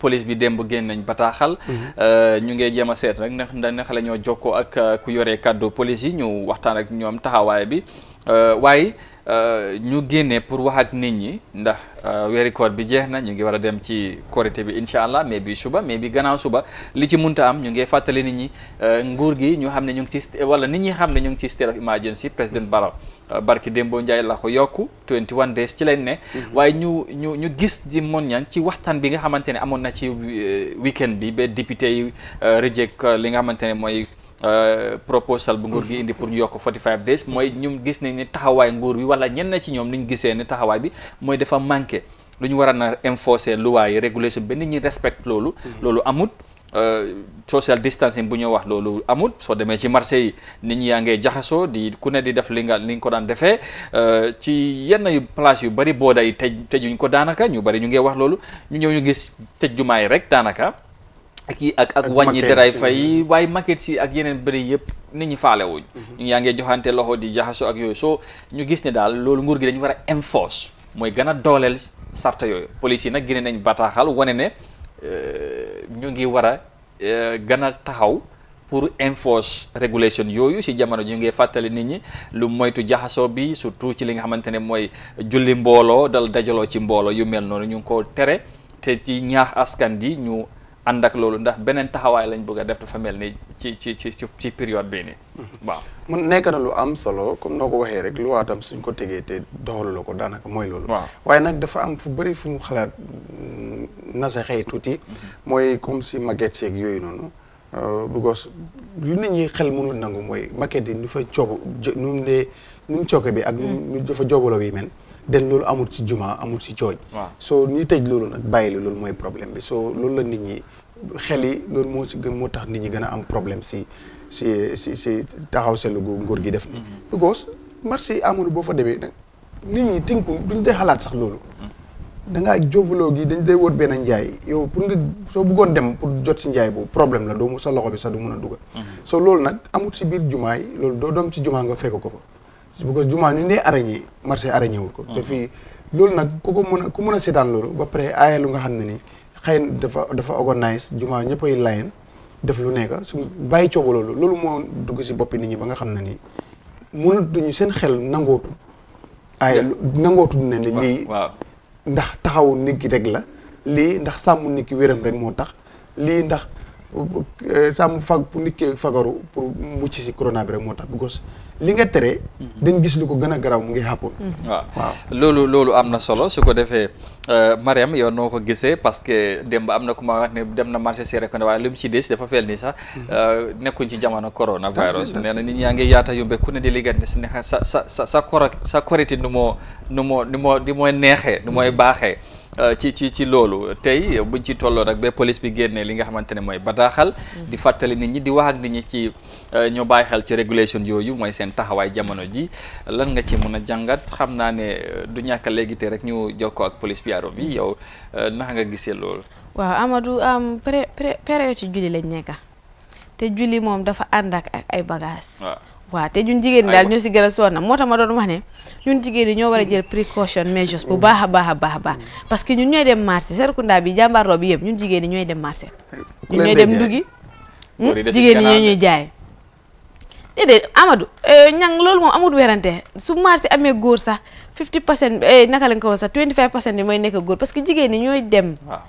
police bi démb génn nañ bataaxal. Mhm. Euh, ñu ngi jéem a seet rek ndax ndax la ñoo jokkoo ak euh, ku yore kàddu police yi ñu waxtaan ak ñoom taxawaay bi. Euh, waaye euh, ñu génne pour wax ak nit ñi ndax euh, weeri koor bi jeex na ñu ngi war a dem ci korité bi incha allah mais bi suba mais bi ganaaw suba li ci munta am ñu ngi fàttali nit ñi nguur gi ñu xam ne ñu ngi ci wala nit ñi xam ne ñu ngi ci state of emergency président Barrow barki Dembo Ndiaye la ko yokku 21 days ci lañ ne. Mhm. waaye ñu ñu ñu gis di mon ñaan ci waxtaan bi nga xamante ne amoon na ci weekend bi be député yi reject li nga xamante ne mooy. Euh, proposal bu nguur gi indi pour ñu yokk 45 days mooy ñum gis nañ ni taxawaay nguur bi wala ñenn ci ñoom li ñu gisee ni taxawaay bi mooy dafa manqué lu ñu war na enforcer loi yi régulation ba nit ñi respect loolu mm-hmm. loolu amut euh, social distancing bu ñu wax loolu amut soo demee ci marché yi nit ñi yaa ngee jaxasoo di ku ne di def li nga li nga ko daan defee euh, ci yenn yu place yu bari booda yi tëj tëjuñ ko daanaka ñu bari ñu ngi wax loolu ñu ñëw ñu gis tëj jumaa yi rek daanaka ak yi ak ak wàññi daray fay waaye market si ak yeneen bëri yëpp nit ñi faale wuñ mhm. ñu yaa ngee joxante loxo di jaxaso ak yooyu soo ñu gis ne daal loolu nguur gi dañu war a enforce mooy gën a dooleel sarta yooyu police yi nag génne nañ bataaxal wane ne euh, ñu ngi war a euh, gën a taxaw pour enforce regulation yooyu si jamono ji ngay fàttali nit ñi lu moytu jaxasoo bi surtout ci li nga xamante ne mooy julli mbooloo dal dajaloo ci mbooloo yu mel noonu ñu ngi ko tere te ci ñaax askan bi ñu ànd ak loolu ndax beneen taxawaay lañ bëgg a def dafa mel ni ci ci ci ci période bii nii mhm. mun nekk na lu am solo comme noo ko waxee rek lu waatam suñ ko tegee te doxaluloo ko daanaka mooy loolu waaye nag dafa am fu bëri fu mu xalaat mm, nasaxee tuuti mhm. mooy comme si maguette seeg yooyu noonu euh, because lu nit ñi xel mënul nangu mooy maquette yi nu fa coob nu mu bi ak nu dafa joobaloo bi mel den loolu amul ci jumaa amul ci cooj soo ñi tëj loolu nag bàyyi la loolu mooy problème bi soo loolu la nit ñi xel yi moo ci gën moo tax nit ñi gën a am problème si si si si taxaw seetlu gu nguur gi def ni mm-hmm. because amul boo fa demee nag nit ñi tinku duñ dee xalaat sax loolu mm-hmm. da ngaa jóobaloo gi dañ day wóor benn njaay yow pour nga soo buggoon dem pour jot si njaay bu problème la doo mu sa loxo bi sax du mun a dugal mm-hmm. soo loolu nag amul si biir jumaa yi loolu doo doom ci jumaa nga fekk ko fa parce que jumaa ni ñu dee arañee marché arañee wul ko. te loolu nag ku ko mën a ku mën a seetaan loolu ba pare aaye lu nga xam ne nii xëy na dafa dafa organise jumaa ñëpp ay layen def lu nekk su bàyyi coow loolu loolu moo dugg si boppi nit ñi ba nga xam ne nii mënatuñu seen xel nangootu. aaye nangootu ne ni lii. ndax taxawu nit ki rek la. lii ndax sàmm nit ki wéram rek moo tax lii ndax. sàmm fag pour nit ki fagaru pour mucc si corona bi rek moo tax because li nga tere. dañ gis lu ko gën a garaaw mu ngi xàppoon. waaw waaw loolu loolu am na solo su ko defee euh, Mariam yow noo ko gisee parce que démb am na ku ma wax ne dem na marché si rek ne waaye lu mu ci des dafa fel ni sax euh, nekkuñ ci jamono corona virus nee na nit ñaa ngi yaata yumbe ku ne di liggante ne sa sa sa sa korite nu moo nu moo nu moo di mooy neexee nu mooy baaxee. Euh, ci ci ci loolu tey buñ ci tolloo rek ba police bi génnee li nga xamante ne mooy badaaxal mm-hmm. di fàttali nit ñi di wax ak nit ñi ci euh, ñoo bàyyi xel ci régulation yooyu mooy seen taxawaay jamono ji lan nga ci mën a jàngat xam naa ne euh, du ñàkk léegi te rek ñu jokkoo ak police bi bi yow nax nga gisee loolu waaw Amadou pré pré période ci julli lañ nekka te julli moom dafa ànd ak ay bagages waaw te ñun jigéen ñi daal ñoo si gën moo tax ma doon wax ne ñun jigéen ñi ñoo war a jël précaution measures bu baax a baax a baax mm. parce que ñun ñooy dem marché Serekunda bi jàmbaarloo bi yëpp ñun jigéen ñi ñooy dem marché ñun ñooy dem ndugi hmm? jigéen ñi ñoo ñuy jaay déedéet Amadou ñang euh, loolu moom amul werante su marché amee góor sax 50 pour cent ko wax sax 25 pour mooy nekk góor parce que jigéen ñi ñooy dem waaw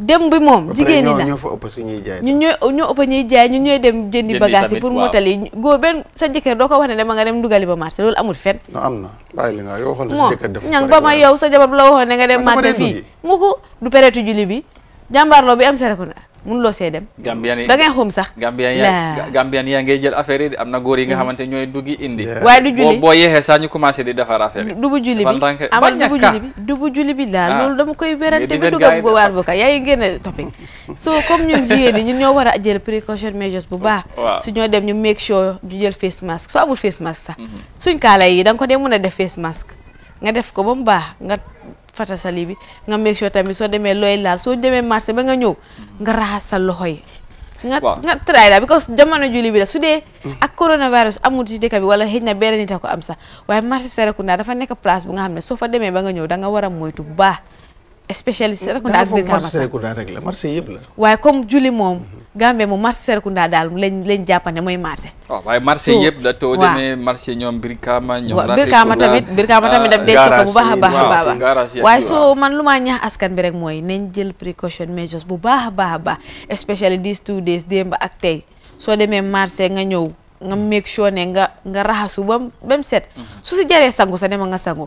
dem bi moom jigéen ñi la ñoo fa ëpp si ñuy jaay ñun ñooy ñoo ëpp ñuy jaay ñun ñooy dem jëndi bagage yi pour mottali góor benn sa jëkkër doo ko wax ne dama nga dem dugali ba marché loolu amul fen non am na bàyyi ba ma yow sa jabar bu la waxoon ne nga dem marché fii mu ko du pereetu julli bi jàmbaarloo bi am Serekunda mënuloo see dem. Gambien yi da ngay xum sax. Gambien yaa Gambien ngay jël affaire yi am na góor yi nga mm. xamante ñooy duggi indi. waaye du julli boo boo yeexee sax ñu commencé di defar affaire du bu julli bi amal du bu julli bi du ah. loolu dama koy werante bi dugg bu waar bu ka yaa ngi génne topic so comme ñun jigéen ñi ñun ñoo war a jël précaution measures bu baax. su ñoo dem ñu make sure ñu jël face mask soo amul face mask sax. Mm-hmm. suñ kaala yi danga nga ko dee mën a def face mask nga def ko ba mu baax nga fata sali bi nga make sure tamit soo demee looy laal soo demee marché ba nga ñëw nga raxas sa loxo yi nga nga try daal because jamono julli bi la su dee ak coronavirus amul ci dëkk bi wala xëj na benn nit a ko am sax waaye marché Serekunda dafa nekk place bu nga xam ne soo fa demee ba nga ñëw da nga war a moytu bu baax spécialiste Serekunda ak Brikama sax marché waaye comme julli moom Gambie moom marché Serekunda daal lañ lañ jàppane mooy marché oh, waaw waaye marché ñoom Birkama tamit Birkama tamit dam ah, denc ko bu baax a baax a baax waaye soo man lu maa ñaax askan bi rek mooy nen jël précaution measures bu baax a baax a baax especially these two days démb ak tey soo demee marché nga ñëw nga make sure ne nga nga raxasu ba mu set mm-hmm. su si jaree sangu sa dema nga sangu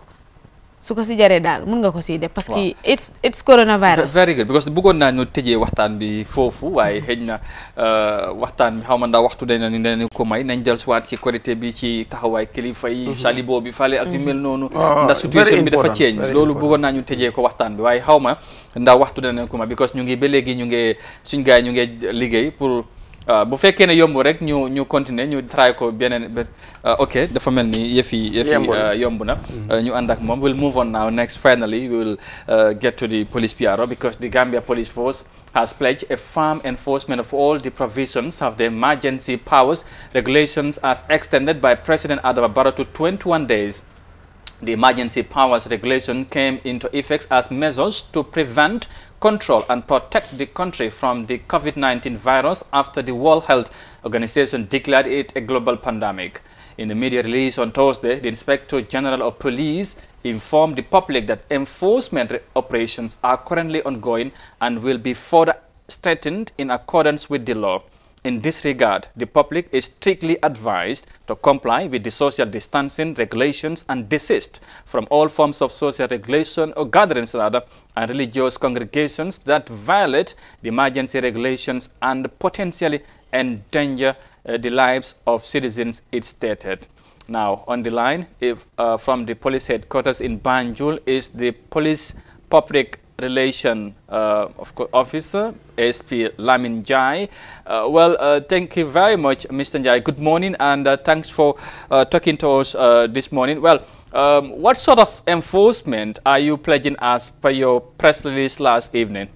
su ko si jaree daal mun nga ko siy def. parce que it's it's coronavirus. very good because bëggoon naa ñu tëjee waxtaan bi foofu waaye xëj na euh, waxtaan bi xaw ma ndax waxtu dañ ne ni ko may nañ jël suwaat si korité bi ci taxawaay kilifa mhm. salibo bi fale ak yu mhm. mel noonu. Ah, ah, ndax situation bi dafa ceeñ loolu bëggoon naa ñu tëjee ko waxtaan bi waaye xaw ma ndax waxtu de ne ko may because ñu ngi ba léegi ñu ngi suñ gars ñu nge liggéey pour. waaw euh, bu fekkee ne yomb rek ñu ñu continuer ñu try beneen ba euh, ok dafa mel ni yëf yi yëf yi euh, yomb na mm-hmm. ñu ànd ak moom we'll move on now next finally we will uh, get to the police PRO because the Gambia Police Force has pledged a firm enforcement of all the provisions of the emergency powers regulations as extended by President Adama Barrow to days The Emergency Powers Regulation came into effect as measures to prevent, control and protect the country from the covid virus after the World Health Organization declared it a global pandemic. In a media release on Thursday, the Inspector General of Police informed the public that enforcement operations are currently ongoing and will be further strengthened in accordance with the law. In this regard, the public is strictly advised to comply with the social distancing regulations and desist from all forms of social regulation or gatherings religious congregations that violate the emergency regulations and potentially endanger uh, the lives of citizens, it stated. Now, on the line uh, from the police headquarters in Banjul is the police public relation uh, of officer ASP Lamin Jai. Uh, uh, thank you very much, Mr. Jai. Good morning, and uh, thanks for talking to us this morning. Um, what sort of enforcement are you pledging as per your press release last evening?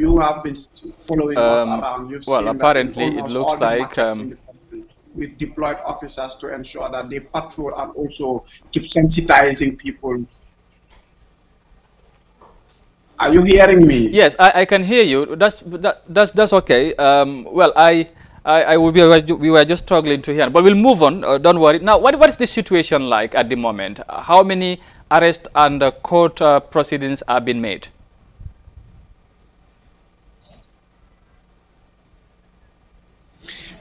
If you have been following um, us around, you've well, seen apparently that it looks like um, we've deployed officers to ensure that they patrol and also keep sensitizing people. Are you hearing me? Yes, I, I can hear you. That's that, that's that's okay. Um, well, I. I, I will be, we were just struggling to hear, but we'll move on. Uh, don't worry. Now, what, what is the situation like at the moment? How many arrests and uh, court uh, proceedings have been made?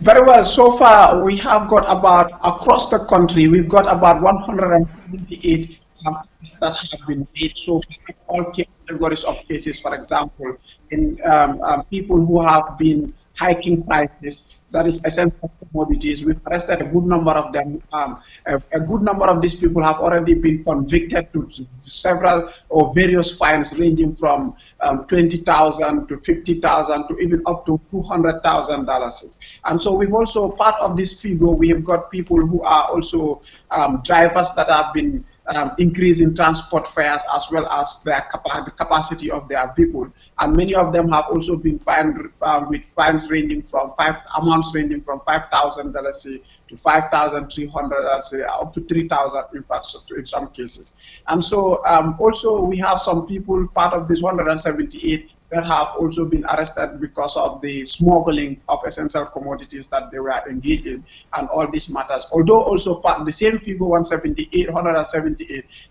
Very well. So far, we have got about, across the country, we've got about 178 that have been made so all categories of cases, for example, in um, um, people who have been hiking prices, that is essentially commodities. We've arrested a good number of them. Um, a, a, good number of these people have already been convicted to several or various fines ranging from um, 20000 to to even up to $200,000. And so we've also, part of this figure, we have got people who are also um, drivers that have been um, increase in transport fares as well as the capacity of their vehicle. And many of them have also been fined um, with fines ranging from amounts ranging from five thousand to five three hundred dollars to three thousand in fact in some cases. And so um, also we have some people part of this hundred and seventy eight that have also been arrested because of the smuggling of essential commodities that they were engaged in all these matters. Although also the same figure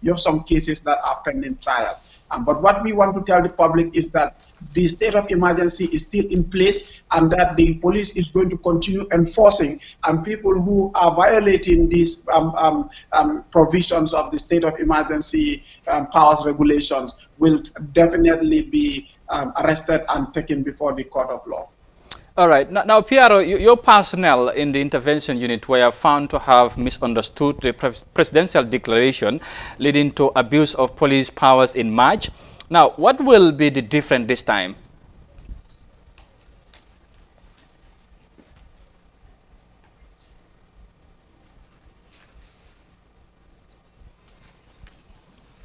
you have some cases that are pending trial. Um, but what we want to tell the public is that the state of emergency is still in place and that the police is going to continue enforcing and people who are violating these um, um, provisions of the state of emergency powers regulations will definitely be um, arrested and taken before the court of law. All right. Now, personnel in the intervention unit were found to have misunderstood the presidential declaration leading to abuse of police powers in March. what will be the difference this time?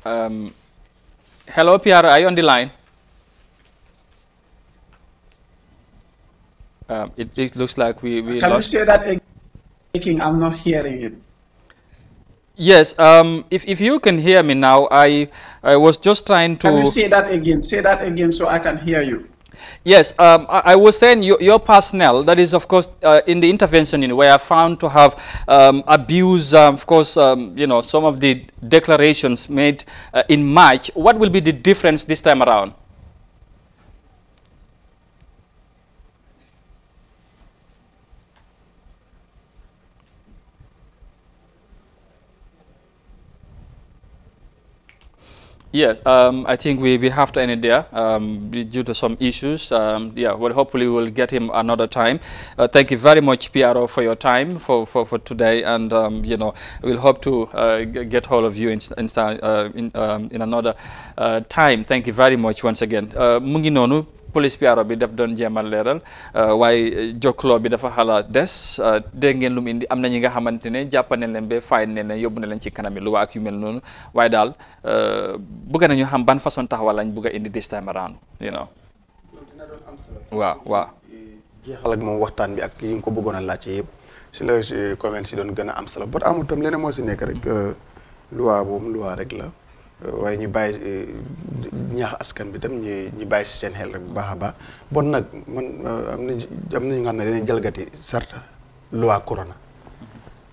Um, Um, it, it, looks like we, we Can lost. you say that again? I'm not hearing it. Yes, um, if, if you can hear me now, I, I was just trying to... Can you say that again? Say that again so I can hear you. Yes, um, I, I, was saying your, your, personnel, that is, of course, uh, in the intervention unit, were found to have um, abused, um, of course, um, you know, some of the declarations made uh, in March. What will be the difference this time around? Yes, um, I think we, we have to end it there um, due to some issues. Um, yeah, well, hopefully we'll get him another time. Uh, thank you very much, PRO, for your time for, for, for today. And, um, you know, we'll hope to uh, get hold of you in, in, uh, in, um, in another uh, time. Thank you very much once again. Uh, police piaro bi daf doon jéemal leeral euh, waaye euh, jokkaloo bi dafa xala des euh, de ngeen lu indi am na ñi nga xamante ne jàpp nañ leen ba fay ne ne yóbbu ne leen ci kanami lu waa ak yu mel noonu waaye daal bëgg nañu xam ban façon taxawal lañ bëgg a indi this time around you moom waxtaan bi ak yi ko bëggoon laaj laajte yëpp si la comment si doon gën a am solo bot amul tam leneen moo si nekk rek loi boobu loi rek la waaye ñu bàyyi euh, ñaax askan bi tam ñu bàyyi si seen xel rek bu baax a baax bon nag man euh, am na na ñu nga xam ne dañuy jalgati sarta loi corona.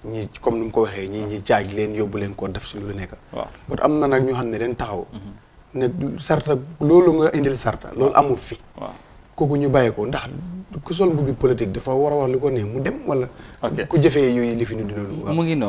ñi comme ni mu ko waxee ñi ñi jaaj leen yóbbu leen koo def si lu nekk. waaw bon am na nag ñu xam ne dañ taxaw. Mm-hmm. ne sarta loolu nga indil sarta loolu amul fi. waaw kooku ñu bàyyi ko ndax ku sol mbubbi politique dafa war a wax li ko neex mu dem wala. ku jëfee yooyu li fi ñu dina. mu ngi noonu.